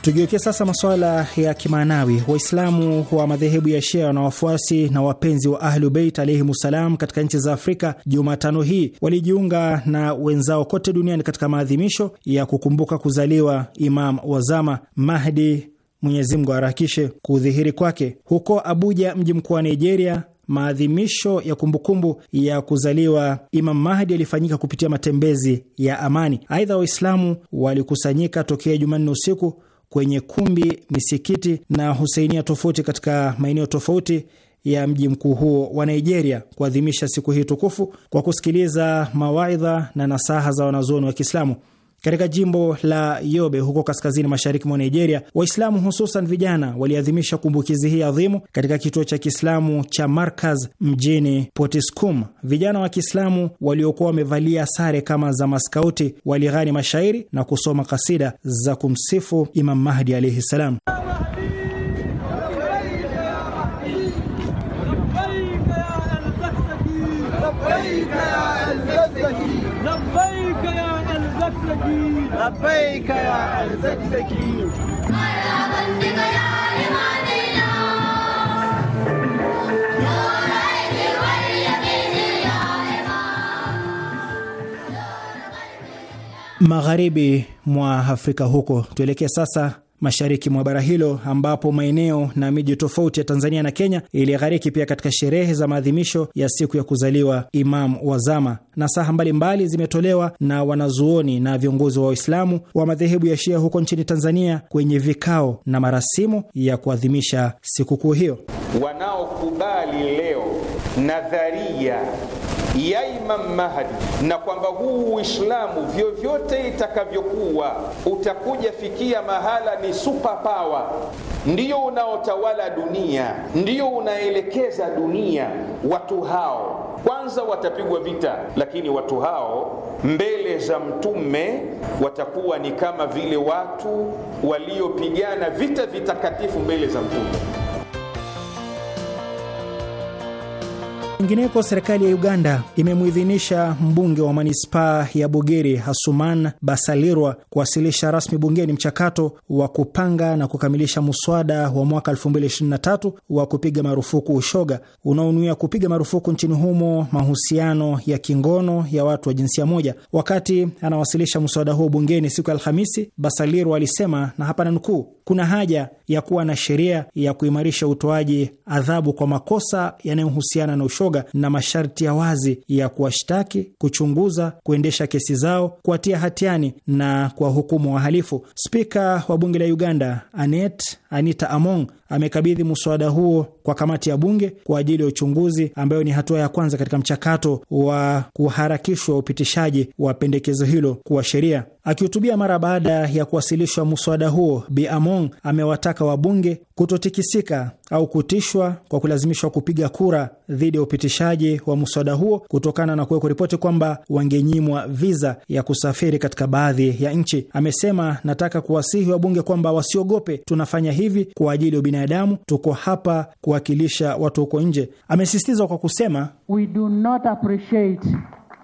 Tugeukie sasa masuala ya kimaanawi. Waislamu wa madhehebu ya Shia na wafuasi na wapenzi wa Ahlu Beit alaihimussalam katika nchi za Afrika Jumatano hii walijiunga na wenzao kote duniani katika maadhimisho ya kukumbuka kuzaliwa Imam Wazama Mahdi, Mwenyezi Mungu aharakishe kudhihiri kwake. Huko Abuja, mji mkuu wa Nigeria, maadhimisho ya kumbukumbu ya kuzaliwa Imam Mahdi yalifanyika kupitia matembezi ya amani. Aidha, Waislamu walikusanyika tokea Jumanne usiku kwenye kumbi, misikiti na husainia tofauti katika maeneo tofauti ya mji mkuu huo wa Nigeria kuadhimisha siku hii tukufu kwa kusikiliza mawaidha na nasaha za wanazuoni wa Kiislamu. Katika jimbo la Yobe huko kaskazini mashariki mwa Nigeria, Waislamu hususan vijana waliadhimisha kumbukizi hii adhimu katika kituo cha Kiislamu cha Markaz mjini Potiskum. Vijana wa Kiislamu waliokuwa wamevalia sare kama za maskauti walighani mashairi na kusoma kasida za kumsifu Imam Mahdi alaihi ssalam magharibi mwa Afrika huko. Tuelekee sasa mashariki mwa bara hilo ambapo maeneo na miji tofauti ya Tanzania na Kenya ilighariki pia katika sherehe za maadhimisho ya siku ya kuzaliwa Imam Wazama. Nasaha mbalimbali zimetolewa na wanazuoni na viongozi wa Waislamu wa madhehebu ya Shia huko nchini Tanzania kwenye vikao na marasimu ya kuadhimisha sikukuu hiyo. Wanaokubali leo nadharia ya Imam Mahdi, na kwamba huu Uislamu vyovyote itakavyokuwa utakuja fikia mahala ni super power, ndiyo unaotawala dunia, ndiyo unaelekeza dunia. Watu hao kwanza watapigwa vita, lakini watu hao mbele za Mtume watakuwa ni kama vile watu waliopigana vita vitakatifu mbele za Mtume. Ingineko, serikali ya Uganda imemwidhinisha mbunge wa manispaa ya Bugiri Hasuman Basalirwa kuwasilisha rasmi bungeni mchakato wa kupanga na kukamilisha muswada wa mwaka 2023 wa kupiga marufuku ushoga unaonuia kupiga marufuku nchini humo mahusiano ya kingono ya watu wa jinsia moja. Wakati anawasilisha muswada huo bungeni siku ya Alhamisi, Basalirwa alisema na hapa nanukuu: kuna haja ya kuwa na sheria ya kuimarisha utoaji adhabu kwa makosa yanayohusiana na ushoga na masharti ya wazi ya kuwashtaki, kuchunguza, kuendesha kesi zao, kuwatia hatiani na kuwahukumu wahalifu. Spika wa bunge la Uganda Anet Anita Among amekabidhi muswada huo kwa kamati ya bunge kwa ajili ya uchunguzi, ambayo ni hatua ya kwanza katika mchakato wa kuharakishwa upitishaji wa pendekezo hilo kuwa sheria. Akihutubia mara baada ya kuwasilishwa muswada huo, Bi Among amewataka wabunge kutotikisika au kutishwa kwa kulazimishwa kupiga kura dhidi ya upitishaji wa muswada huo kutokana na kuweko ripoti kwamba wangenyimwa viza ya kusafiri katika baadhi ya nchi. Amesema, nataka kuwasihi wabunge kwamba wasiogope, tunafanya hivi kwa ajili ya binadamu, tuko hapa kuwakilisha watu huko nje. Amesisitiza kwa kusema We do not appreciate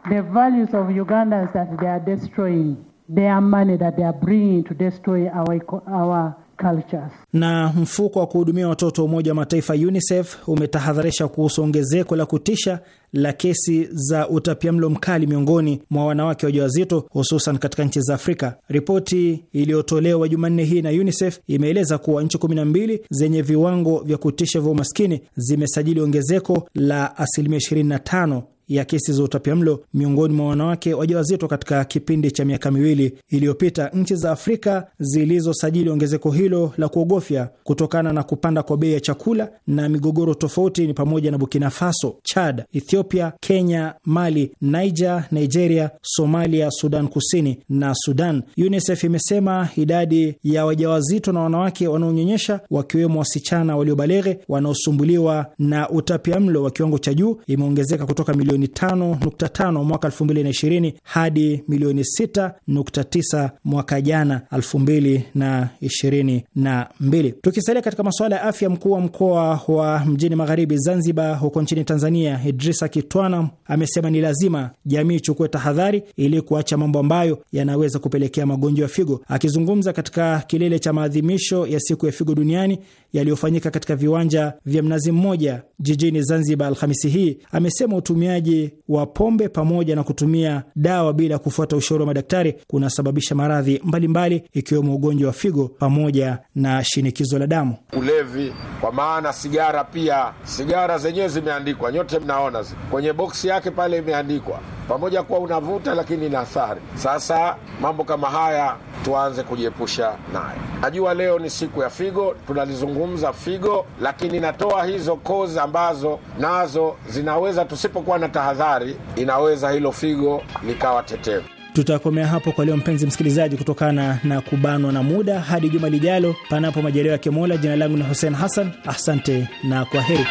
the values of Ugandans that they are destroying, their money that they are bringing to destroy our, our Cultures. Na mfuko wa kuhudumia watoto wa Umoja wa Mataifa UNICEF umetahadharisha kuhusu ongezeko la kutisha la kesi za utapiamlo mkali miongoni mwa wanawake wajawazito hususan katika nchi za Afrika. Ripoti iliyotolewa Jumanne hii na UNICEF imeeleza kuwa nchi 12 zenye viwango vya kutisha vya umaskini zimesajili ongezeko la asilimia 25 ya kesi za utapiamlo miongoni mwa wanawake wajawazito katika kipindi cha miaka miwili iliyopita. Nchi za Afrika zilizosajili ongezeko hilo la kuogofya kutokana na kupanda kwa bei ya chakula na migogoro tofauti ni pamoja na Burkina Faso, Chad, Ethiopia, Kenya, Mali, Niger, Nigeria, Somalia, Sudan Kusini na Sudan. UNICEF imesema idadi ya wajawazito na wanawake wanaonyonyesha wakiwemo wasichana waliobalere wanaosumbuliwa na utapiamlo wa kiwango cha juu imeongezeka kutoka milioni milioni 5.5 mwaka 2020 hadi milioni 6.9 mwaka jana 2022. Tukisalia katika masuala ya afya, mkuu wa mkoa wa mjini magharibi Zanzibar huko nchini Tanzania, Idrisa Kitwana amesema ni lazima jamii ichukue tahadhari ili kuacha mambo ambayo yanaweza kupelekea magonjwa ya figo. Akizungumza katika kilele cha maadhimisho ya siku ya figo duniani yaliyofanyika katika viwanja vya Mnazi Mmoja jijini Zanzibar Alhamisi hii, amesema utumiaji unywaji wa pombe pamoja na kutumia dawa bila kufuata ushauri wa madaktari kunasababisha maradhi mbalimbali ikiwemo ugonjwa wa figo pamoja na shinikizo la damu. Ulevi kwa maana sigara, pia sigara zenyewe zimeandikwa, nyote mnaona kwenye boksi yake pale imeandikwa pamoja kuwa unavuta lakini ina athari. Sasa mambo kama haya tuanze kujiepusha nayo. Najua leo ni siku ya figo, tunalizungumza figo, lakini natoa hizo kozi ambazo nazo zinaweza tusipokuwa na tahadhari, inaweza hilo figo likawa tetevu. Tutakomea hapo kwa leo, mpenzi msikilizaji, kutokana na kubanwa na muda. Hadi juma lijalo, panapo majaliwa ya kemola Jina langu ni Hussein Hassan, asante na kwa heri.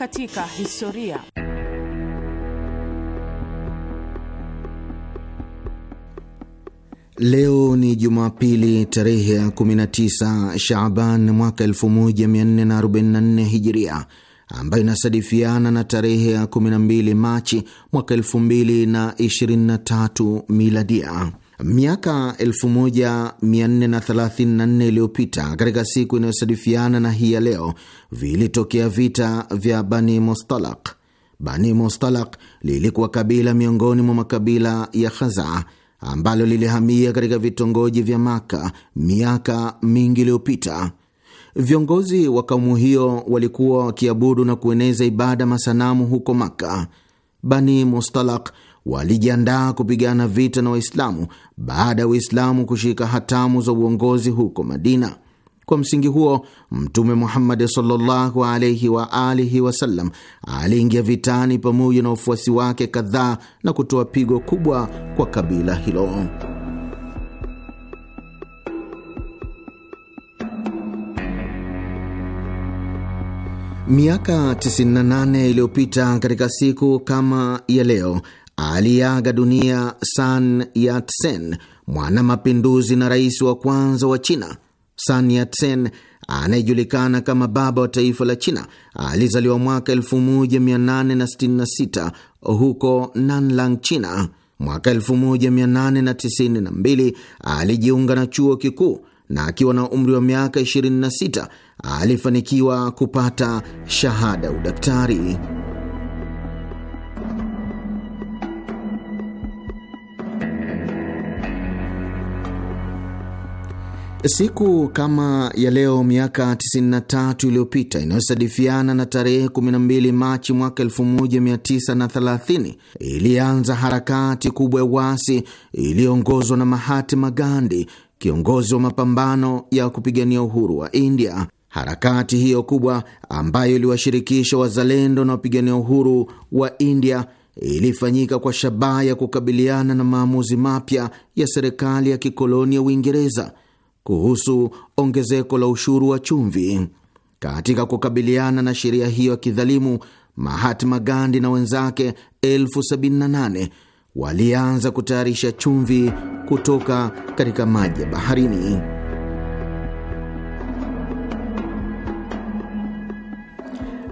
katika historia. Leo ni Jumapili tarehe ya 19 shaban mwaka 1444 Hijiria, ambayo inasadifiana na tarehe ya 12 Machi mwaka 2023 Miladia. Miaka 1434 iliyopita katika siku inayosadifiana na hii ya leo, vilitokea vita vya Bani Mustalak. Bani Mustalak lilikuwa kabila miongoni mwa makabila ya Khaza ambalo lilihamia katika vitongoji vya Maka miaka mingi iliyopita. Viongozi wa kaumu hiyo walikuwa wakiabudu na kueneza ibada masanamu huko Maka. Bani Mustalak walijiandaa kupigana vita na Waislamu baada ya Waislamu kushika hatamu za uongozi huko Madina. Kwa msingi huo Mtume Muhammadi sallallahu alaihi wa alihi wasallam aliingia vitani pamoja na wafuasi wake kadhaa na kutoa pigo kubwa kwa kabila hilo. Miaka 98 iliyopita katika siku kama ya leo aliaga dunia Sun Yatsen, mwana mapinduzi na rais wa kwanza wa China. Sun Yatsen anayejulikana kama baba wa taifa la China alizaliwa mwaka 1866 huko Nanlang, China. Mwaka 1892 alijiunga na chuo kikuu na akiwa na umri wa miaka 26 alifanikiwa kupata shahada udaktari. Siku kama ya leo miaka 93 iliyopita inayosadifiana na tarehe 12 Machi mwaka 1930 ilianza harakati kubwa ya uasi iliyoongozwa na Mahatma Gandhi, kiongozi wa mapambano ya kupigania uhuru wa India. Harakati hiyo kubwa ambayo iliwashirikisha wazalendo na wapigania uhuru wa India ilifanyika kwa shabaha ya kukabiliana na maamuzi mapya ya serikali ya kikoloni ya Uingereza kuhusu ongezeko la ushuru wa chumvi. Katika kukabiliana na sheria hiyo ya kidhalimu, Mahatma Gandhi na wenzake elfu sabini na nane walianza kutayarisha chumvi kutoka katika maji ya baharini.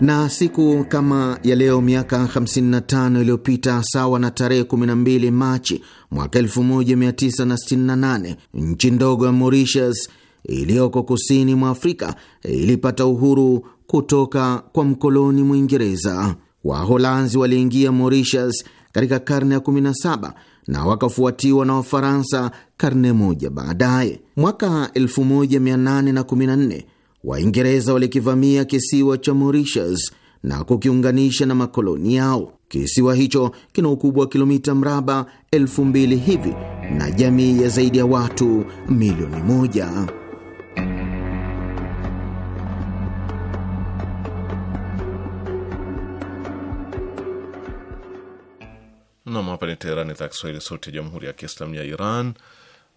na siku kama ya leo miaka 55 iliyopita sawa na tarehe 12 Machi mwaka 1968 nchi ndogo ya Mauritius iliyoko kusini mwa Afrika ilipata uhuru kutoka kwa mkoloni Mwingereza. Waholanzi waliingia Mauritius katika karne ya 17 na wakafuatiwa na Wafaransa karne moja baadaye. Mwaka 1814 Waingereza walikivamia kisiwa cha Mauritius na kukiunganisha na makoloni yao. Kisiwa hicho kina ukubwa wa kilomita mraba elfu mbili hivi na jamii ya zaidi ya watu milioni moja. Nam, hapa ni Teherani, idhaa Kiswahili, sauti ya jamhuri ya kiislamu ya Iran.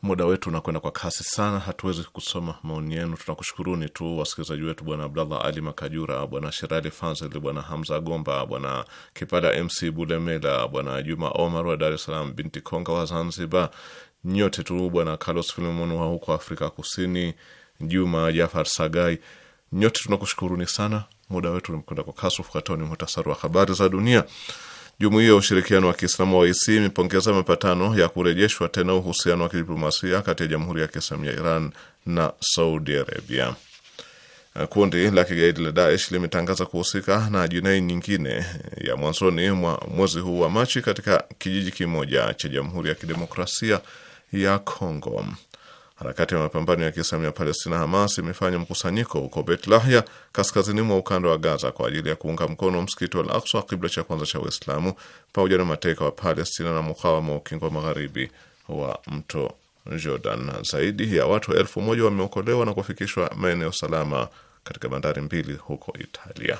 Muda wetu unakwenda kwa kasi sana, hatuwezi kusoma maoni yenu. Tunakushukuruni tu wasikilizaji wetu, bwana Abdallah Ali Makajura, bwana Sherali fazel bwana Hamza Gomba, bwana Kipala MC Bulemela, bwana Juma Omar wa Dar es Salaam, binti Konga wa Zanzibar, nyote tu, bwana Carlos Filimon wa huko Afrika Kusini, Juma Jafar Sagai, nyote tunakushukuruni sana. Muda wetu unakwenda kwa kasi. Ufuatao ni muhtasari wa habari za dunia. Jumuiya ya Ushirikiano wa Kiislamu wa OIC imepongeza mapatano ya kurejeshwa tena uhusiano wa kidiplomasia kati ya Jamhuri ya Kiislamu ya Iran na Saudi Arabia. Kundi la kigaidi la Daesh limetangaza kuhusika na jinai nyingine ya mwanzoni mwa mwezi huu wa Machi katika kijiji kimoja cha Jamhuri ya Kidemokrasia ya Kongo. Harakati ya mapambano ya Kiislamu ya Palestina, Hamas, imefanya mkusanyiko huko Betlahya, kaskazini mwa ukanda wa Gaza, kwa ajili ya kuunga mkono msikiti wa Al Aksa, kibla cha kwanza cha Uislamu, pamoja na mateka wa Palestina na mukawama wa ukingo wa magharibi wa mto Jordan. Zaidi ya watu elfu moja wameokolewa na kufikishwa maeneo salama katika bandari mbili huko Italia